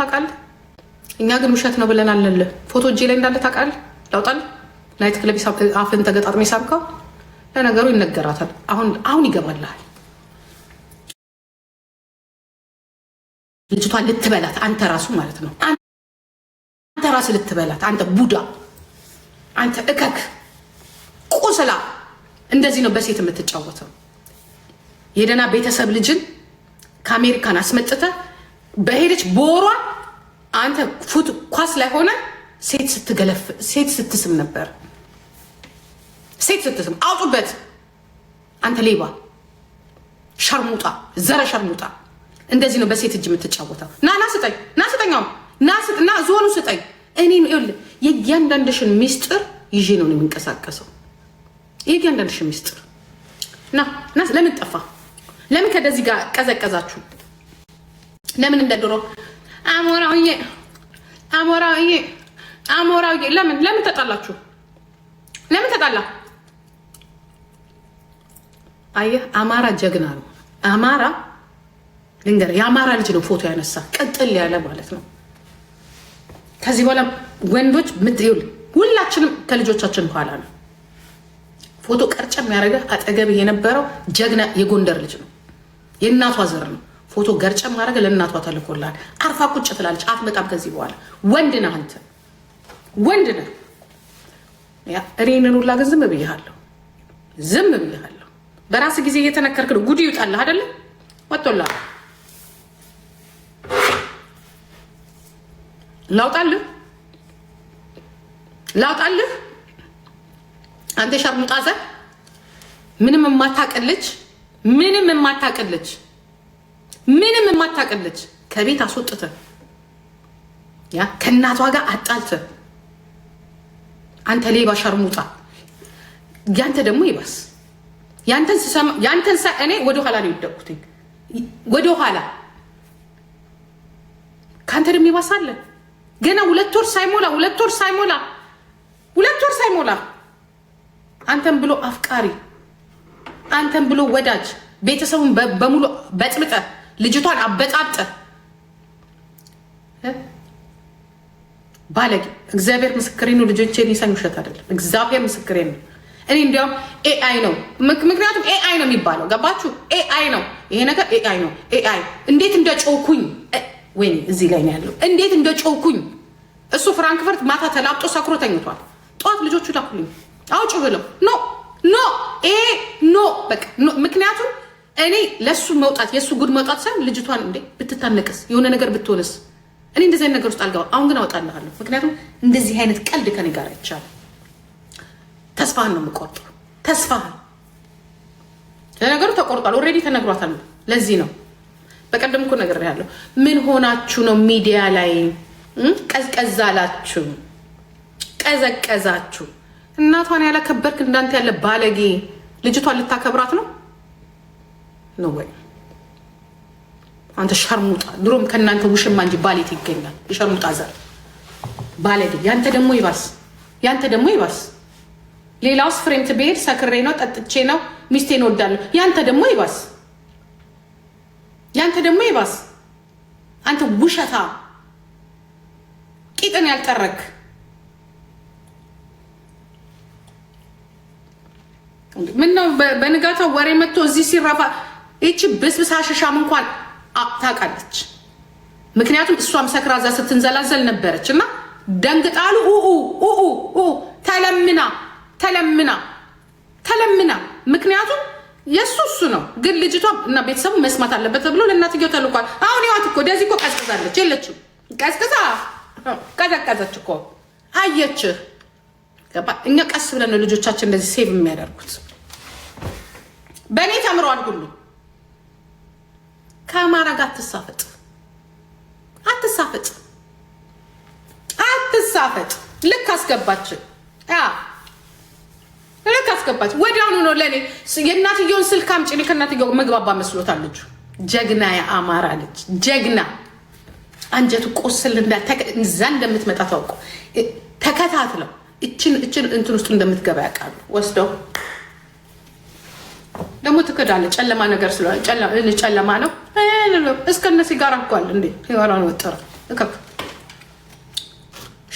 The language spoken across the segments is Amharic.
ታቃል እኛ ግን ውሸት ነው ብለን አለለ ፎቶ እጄ ላይ እንዳለ ታውቃለህ። ላውጣልህ። ናይት ክለብ አፍን ተገጣጥሜ ሳብከው ለነገሩ ይነገራታል። አሁን አሁን ይገባልሃል። ልጅቷ ልትበላት አንተ ራሱ ማለት ነው። አንተ ራስ ልትበላት አንተ ቡዳ፣ አንተ እከክ ቁስላ። እንደዚህ ነው በሴት የምትጫወተው። የደህና ቤተሰብ ልጅን ከአሜሪካን አስመጥተህ በሄደች በወሯ አንተ ፉት ኳስ ላይ ሆነ ሴት ስትገለፍ ሴት ስትስም ነበር። ሴት ስትስም አውጡበት። አንተ ሌባ ሸርሙጣ፣ ዘረ ሸርሙጣ። እንደዚህ ነው በሴት እጅ የምትጫወተው። ና ና ስጠኝ፣ ና ስጠኛው፣ ና ስጥ፣ ና ዞኑ ስጠኝ። እኔ ይኸውልህ የእያንዳንድሽን ሚስጥር ይዤ ነው የሚንቀሳቀሰው። የእያንዳንድሽን ሚስጥር ና ና። ለምን ጠፋ? ለምን ከደዚህ ጋር ቀዘቀዛችሁ? ለምን እንደ ድሮ አሞራውዬ አሞራውዬ አሞራውዬ ለምን ለምን ተጣላችሁ? ለምን ተጣላ? አየህ፣ አማራ ጀግና ነው። አማራ ልንገርህ፣ የአማራ ልጅ ነው ፎቶ ያነሳ ቀጥል ያለ ማለት ነው። ከዚህ በኋላ ወንዶች ምትል ሁላችንም ከልጆቻችን በኋላ ነው። ፎቶ ቀርጨ የሚያደርገህ አጠገብህ የነበረው ጀግና የጎንደር ልጅ ነው። የእናቷ ዘር ነው። ፎቶ ገርጨ ማድረግ ለእናቷ ተልኮላል። አርፋ ቁጭ ትላለች። አትመጣም ከዚህ በኋላ ወንድ ነህ አንተ ወንድ ነህ። እኔንን ሁላ ግን ዝም ብያለሁ፣ ዝም ብያለሁ። በራስ ጊዜ እየተነከርክ ነው። ጉድ ይውጣልህ አይደለም? ወጥቶላ ላውጣልህ ላውጣልህ አንተ ሸርሙጣ ዘ ምንም የማታቅልች ምንም የማታቅልች ምንም የማታውቅለች ከቤት አስወጥተ ያ ከእናቷ ጋር አጣልተ አንተ ሌባ ሸርሙጣ፣ ያንተ ደግሞ ይባስ። ያንተን እኔ ወደኋላ ነው የወደቅኩትኝ፣ ወደኋላ ከአንተ ደግሞ ይባሳለ። ገና ሁለት ወር ሳይሞላ ሁለት ወር ሳይሞላ ሁለት ወር ሳይሞላ አንተን ብሎ አፍቃሪ፣ አንተን ብሎ ወዳጅ ቤተሰቡን በሙሉ በጥብጠ ልጅቷን አበጣጥ ባለጌ። እግዚአብሔር ምስክሬ ነው። ልጆቼን ሊሰን ውሸት አይደለም። እግዚአብሔር ምስክሬ ነው። እኔ እንዲያውም ኤአይ ነው፣ ምክንያቱም ኤአይ ነው የሚባለው ገባችሁ? ኤአይ ነው ይሄ ነገር፣ ኤአይ ነው ኤአይ። እንዴት እንደ ወይ እዚህ ላይ ያለው እንዴት እንደ እሱ ፍራንክፈርት ማታ ተላብጦ ሰክሮ ተኝቷል። ጠዋት ልጆቹ ላኩልኝ አውጭ ብለው ኖ ኖ ይሄ ኖ በቃ ምክንያቱም እኔ ለእሱ መውጣት የእሱ ጉድ መውጣት ሳይሆን ልጅቷን እንዴ ብትታነቅስ የሆነ ነገር ብትሆንስ? እኔ እንደዚህ አይነት ነገር ውስጥ አልገባም። አሁን ግን አወጣልሃለሁ። ምክንያቱም እንደዚህ አይነት ቀልድ ከኔ ጋር አይቻልም። ተስፋህን ነው የምቆርጡ። ተስፋህን ለነገሩ ተቆርጧል። ኦልሬዲ ተነግሯታል። ለዚህ ነው በቀደም እኮ ነግሬሃለሁ። ምን ሆናችሁ ነው ሚዲያ ላይ ቀዝቀዝ አላችሁ? ቀዘቀዛችሁ። እናቷን ያላከበርክ እንዳንተ ያለ ባለጌ ልጅቷን ልታከብራት ነው ነው ወይ? አንተ ሸርሙጣ! ድሮም ከእናንተ ውሽማ እንጂ ባሌት ይገኛል። የሸርሙጣ ዘር ባለጌ! ያንተ ደግሞ ይባስ፣ ያንተ ደግሞ ይባስ። ሌላውስ ፍሬምት ብሄድ ሰክሬ ነው ጠጥቼ ነው ሚስቴን ወዳለሁ። ያንተ ደግሞ ይባስ፣ ያንተ ደግሞ ይባስ። አንተ ውሸታ ቂጥን ያልጠረክ ምነው በንጋታው ወሬ መጥቶ እዚህ ሲራፋ ይቺ ብስብሳ አሸሻም እንኳን ታውቃለች። ምክንያቱም እሷም ሰክራ እዛ ስትንዘላዘል ነበረች እና ደንግጣሉ ኡ ተለምና ተለምና ተለምና ምክንያቱም የእሱ እሱ ነው። ግን ልጅቷ እና ቤተሰቡ መስማት አለበት ተብሎ ለእናትየው ተልኳል። አሁን ይዋት እኮ ደዚህ እኮ ቀዝቅዛለች፣ የለችም ቀዝቅዛ ቀዘቀዘች እኮ አየችህ። እኛ ቀስ ብለን ነው ልጆቻችን እንደዚህ ሴቭ የሚያደርጉት። በእኔ ተምረዋል ሁሉ ከአማራ ጋር አትሳፈጥ፣ አትሳፈጥ፣ አትሳፈጥ። ልክ አስገባች፣ ልክ አስገባች። ወዲያውኑ ነው ለእኔ የእናትየውን ስልክ አምጪ። እኔ ከእናትየው መግባባ መስሎታል ልጁ። ጀግና የአማራ ልጅ ጀግና አንጀቱ ቆስል እዛ እንደምትመጣ ታውቀው ተከታትለው እችን እችን እንትን ውስጥ እንደምትገባ ያውቃሉ ወስደው ደግሞ ትክዳለ። ጨለማ ነገር ስለሆነ ጨለማ ነው። እስከነ ሲጋራ እኮ አለ እንዴ! የሆነውን ወጠረ እከብ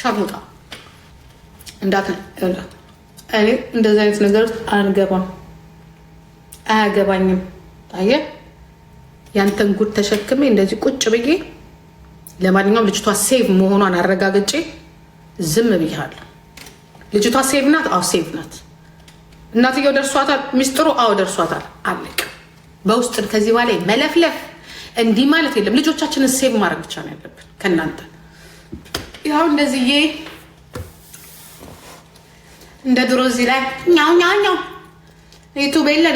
ሸርሙጣ እንዳት እኔ እንደዚህ አይነት ነገር አንገባም፣ አያገባኝም። አየህ ያንተን ጉድ ተሸክሜ እንደዚህ ቁጭ ብዬ ለማንኛውም ልጅቷ ሴቭ መሆኗን አረጋግጬ ዝም ብያለሁ። ልጅቷ ሴቭ ናት። አዎ ሴቭ ናት። እናትየው ደርሷታል። ሚስጥሩ አዎ ደርሷታል። አለቅ በውስጥ ከዚህ በላይ መለፍለፍ እንዲህ ማለት የለም። ልጆቻችንን ሴቭ ማድረግ ብቻ ነው ያለብን ከእናንተ ያው እንደዚህ እንደ ድሮ እዚህ ላይ ኛው ኛው ኛው ዩቱብ የለ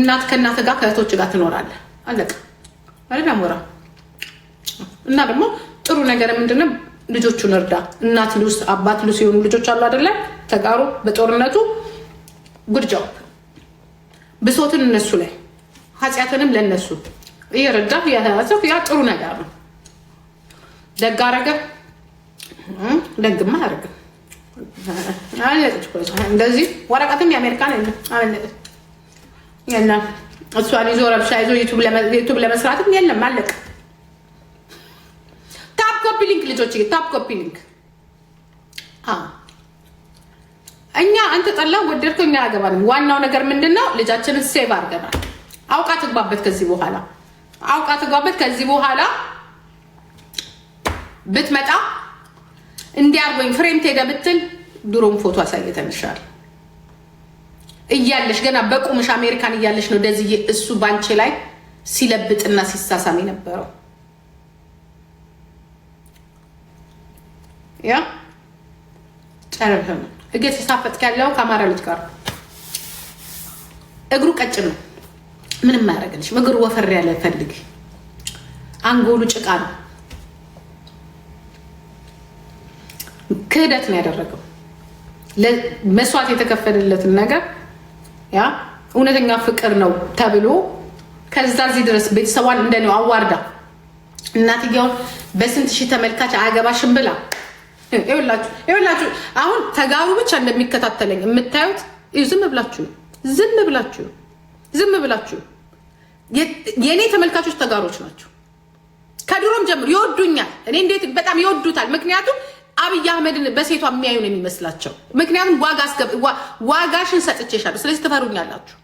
እናት ከእናት ጋር ከእህቶች ጋር ትኖራለ። አለቀ አይደለም ሞራ እና ደግሞ ጥሩ ነገር ምንድነው? ልጆቹን እርዳ። እናት ልውስ አባት ልውስ የሆኑ ልጆች አሉ አይደለም? ተጋሩ በጦርነቱ ጉድ ጆብ። ብሶትን እነሱ ላይ ኃጢአትንም ለነሱ እየረዳህ የያዘው ያ ጥሩ ነገር ነው። ደግ አረገ ደግማ አረገ እንደዚህ ወረቀትም የአሜሪካን የለም። እሷን ይዞ ረብሻ ይዞ ዩቱብ ለመስራትም የለም። አለቅ ታፕ ኮፒ ሊንክ ልጆች ታፕ ኮፒ ሊንክ እኛ አንተ ጠላ ወደድከው እኛ አያገባንም። ዋናው ነገር ምንድነው? ልጃችንን ሴቭ አድርገናል። አውቃ ትግባበት ከዚህ በኋላ አውቃ ትግባበት ከዚህ በኋላ ብትመጣ እንዲያርጎኝ ፍሬም ትሄደ ብትል ድሮም ፎቶ አሳይተንሻል። እያለሽ ገና በቁምሽ አሜሪካን እያለሽ ነው ደዚህ እሱ ባንቺ ላይ ሲለብጥና ሲሳሳም የነበረው ያ ጨረር እየተሳፈጥክ ያለው ከአማራ ልጅ ጋር እግሩ ቀጭን ነው። ምንም አያደርግልሽም። እግሩ ወፈር ያለ ፈልግ። አንጎሉ ጭቃ ነው። ክህደት ነው ያደረገው። መስዋዕት የተከፈለለትን ነገር ያ እውነተኛ ፍቅር ነው ተብሎ ከዛ እዚህ ድረስ ቤተሰቧን እንደኔው አዋርዳ እናትየውን በስንት ሺህ ተመልካች አያገባሽም ብላ ይኸውላችሁ አሁን ተጋሩ ብቻ እንደሚከታተለኝ የምታዩት ዝም ብላችሁ ዝም ብላችሁ ዝም ብላችሁ የእኔ ተመልካቾች ተጋሮች ናቸው። ከድሮም ጀምሮ ይወዱኛል። እኔ እንዴት በጣም ይወዱታል። ምክንያቱም አብይ አህመድን በሴቷ የሚያዩ ነው የሚመስላቸው። ምክንያቱም ዋጋሽን ሰጥቼሻለሁ፣ ስለዚህ ትፈሩኛላችሁ።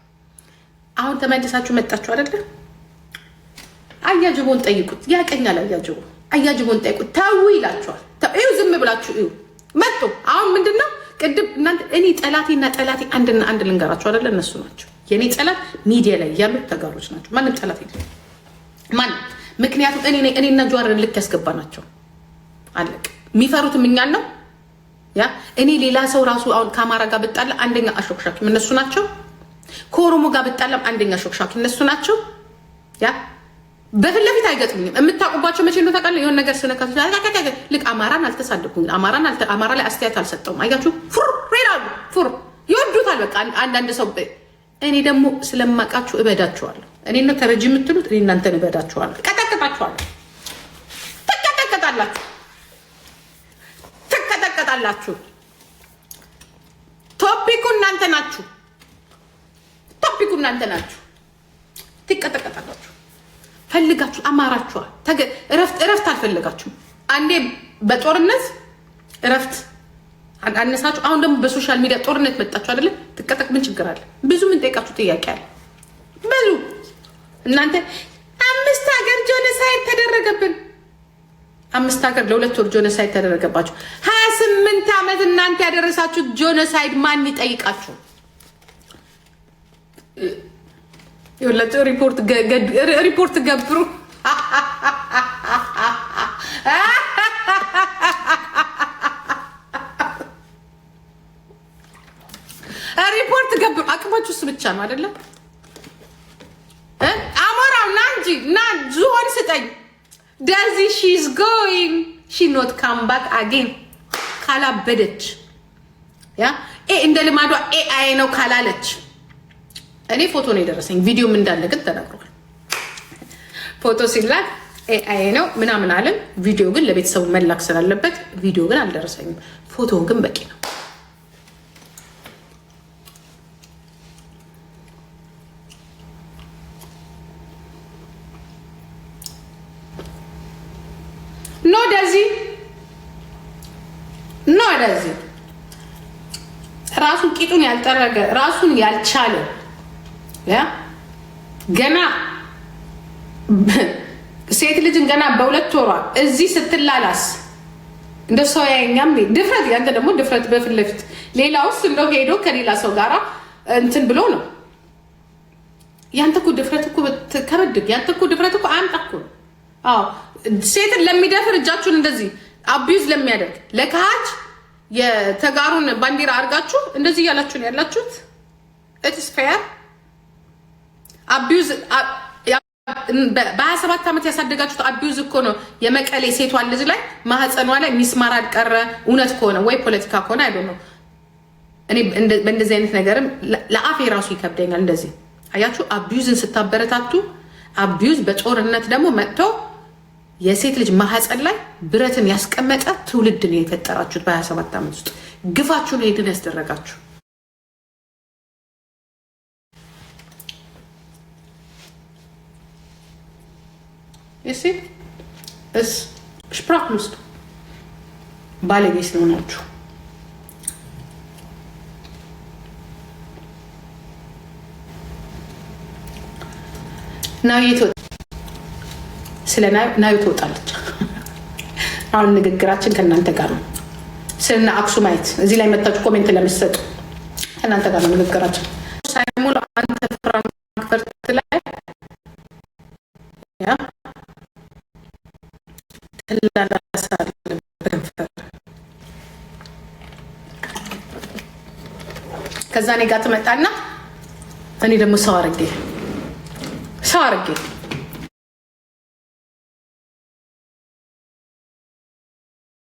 አሁን ተመልሳችሁ መጣችሁ አደለ? አያጅቦን ጠይቁት፣ ያቀኛል። አያጅቦ አያጅቦን ጠይቁት፣ ተው ይላችኋል። እዩ፣ ዝም ብላችሁ እዩ። መጡ። አሁን ምንድን ነው ቅድም እናንተ እኔ ጠላቴና ጠላቴ አንድና አንድ ልንገራችሁ አይደለ? እነሱ ናቸው የእኔ ጠላት። ሚዲያ ላይ ያሉት ተጋሮች ናቸው። ማንም ጠላት የለም ማንም። ምክንያቱም እኔ እኔና ጀዋርን ልክ ያስገባ ናቸው። አለቅ የሚፈሩትም እኛን ነው። ያ እኔ ሌላ ሰው ራሱ አሁን ከአማራ ጋር ብጣላ አንደኛ አሾክሻኪ እነሱ ናቸው። ከኦሮሞ ጋር ብጣላም አንደኛ አሾክሻኪ እነሱ ናቸው። ያ በፊት ለፊት አይገጥምኝም። የምታውቁባቸው መቼ ነው ታውቃለህ? የሆነ ነገር ስነካ ልክ አማራን አልተሳደብኩም፣ አማራ ላይ አስተያየት አልሰጠውም። አያችሁ፣ ፉር ይላሉ፣ ፉር ይወዱታል። በቃ አንዳንድ ሰው እኔ ደግሞ ስለማውቃችሁ እበዳችኋለሁ። እኔ ነው ተረጅ የምትሉት፣ እኔ እናንተን እበዳችኋለሁ፣ እቀጠቅጣችኋለሁ። ትቀጠቅጣላችሁ፣ ትቀጠቅጣላችሁ። ቶፒኩ እናንተ ናችሁ፣ ቶፒኩ እናንተ ናችሁ። ትቀጠቅጣላችሁ ፈልጋችሁ አማራችኋል። እረፍት አልፈለጋችሁም። አንዴ በጦርነት እረፍት አነሳችሁ። አሁን ደግሞ በሶሻል ሚዲያ ጦርነት መጣችሁ አይደለም? ትቀጠቅ ምን ችግር አለ? ብዙ ምን ጠይቃችሁ ጥያቄ አለ ብዙ እናንተ አምስት ሀገር ጆነሳይድ ተደረገብን። አምስት ሀገር ለሁለት ወር ጆነሳይድ ተደረገባችሁ። ሀያ ስምንት ዓመት እናንተ ያደረሳችሁት ጆነሳይድ ማን ይጠይቃችሁ? የሁላቸው ሪፖርት ሪፖርት ገብሩ ሪፖርት ገብሩ። አቅማችሁ እሱ ብቻ ነው አይደለም? አሞራው ና እንጂ ና ዝሆን ስጠኝ። ደዚ ሺዝ ጎይን ሺ ኖት ካም ባክ አጌን ካላበደች ያ እንደ ልማዷ ኤአይ ነው ካላለች እኔ ፎቶ ነው የደረሰኝ፣ ቪዲዮም እንዳለ ግን ተነግሯል። ፎቶ ሲላክ ኤአይ ነው ምናምን አለን። ቪዲዮ ግን ለቤተሰቡ መላክ ስላለበት ቪዲዮ ግን አልደረሰኝም። ፎቶ ግን በቂ ነው። ኖ ደዚ ኖ ደዚ ራሱን ቂጡን ያልጠረገ ራሱን ያልቻለ ገና ሴት ልጅን ገና በሁለት ወሯ እዚህ ስትላላስ እንደ ሰው ያኛም ድፍረት፣ ያንተ ደግሞ ድፍረት በፊት ለፊት ሌላ ውስጥ እንደው ሄዶ ከሌላ ሰው ጋር እንትን ብሎ ነው። ያንተ እኮ ድፍረት እኮ ከበድግ ያንተ እኮ ድፍረት እኮ አምጣኩ አዎ፣ ሴትን ለሚደፍር እጃችሁን እንደዚህ አቢዩዝ ለሚያደርግ ለካሃጅ የተጋሩን ባንዲራ አድርጋችሁ እንደዚህ እያላችሁ ነው ያላችሁት ኢትስ ፌር አቢዩዝ በሀያ ሰባት ዓመት ያሳደጋችሁት አቢዩዝ እኮ ነው። የመቀሌ ሴቷን ልጅ ላይ ማህፀኗ ላይ ሚስማር አልቀረ። እውነት ከሆነ ወይ ፖለቲካ ከሆነ አይደ ነው። እኔ በእንደዚህ አይነት ነገርም ለአፌ ራሱ ይከብደኛል። እንደዚህ አያችሁ፣ አቢዩዝን ስታበረታቱ አቢዩዝ በጦርነት ደግሞ መጥቶ የሴት ልጅ ማህፀን ላይ ብረትን ያስቀመጠ ትውልድ ነው የፈጠራችሁት። በ27 ዓመት ውስጥ ግፋችሁን ሄድን ያስደረጋችሁ You see? Es sprachlos ውስጥ ባለጌ ስለሆናችሁ ስለ ናዩ ትወጣለች። አሁን ንግግራችን ከእናንተ ጋር ነው። ስለና አክሱማይት እዚህ ላይ መታችሁ ኮሜንት ለምትሰጡ ከእናንተ ጋር ነው ንግግራችን። ከዛ እኔ ጋር ትመጣና እኔ ደግሞ ሰው አርጌ ሰው አርጌ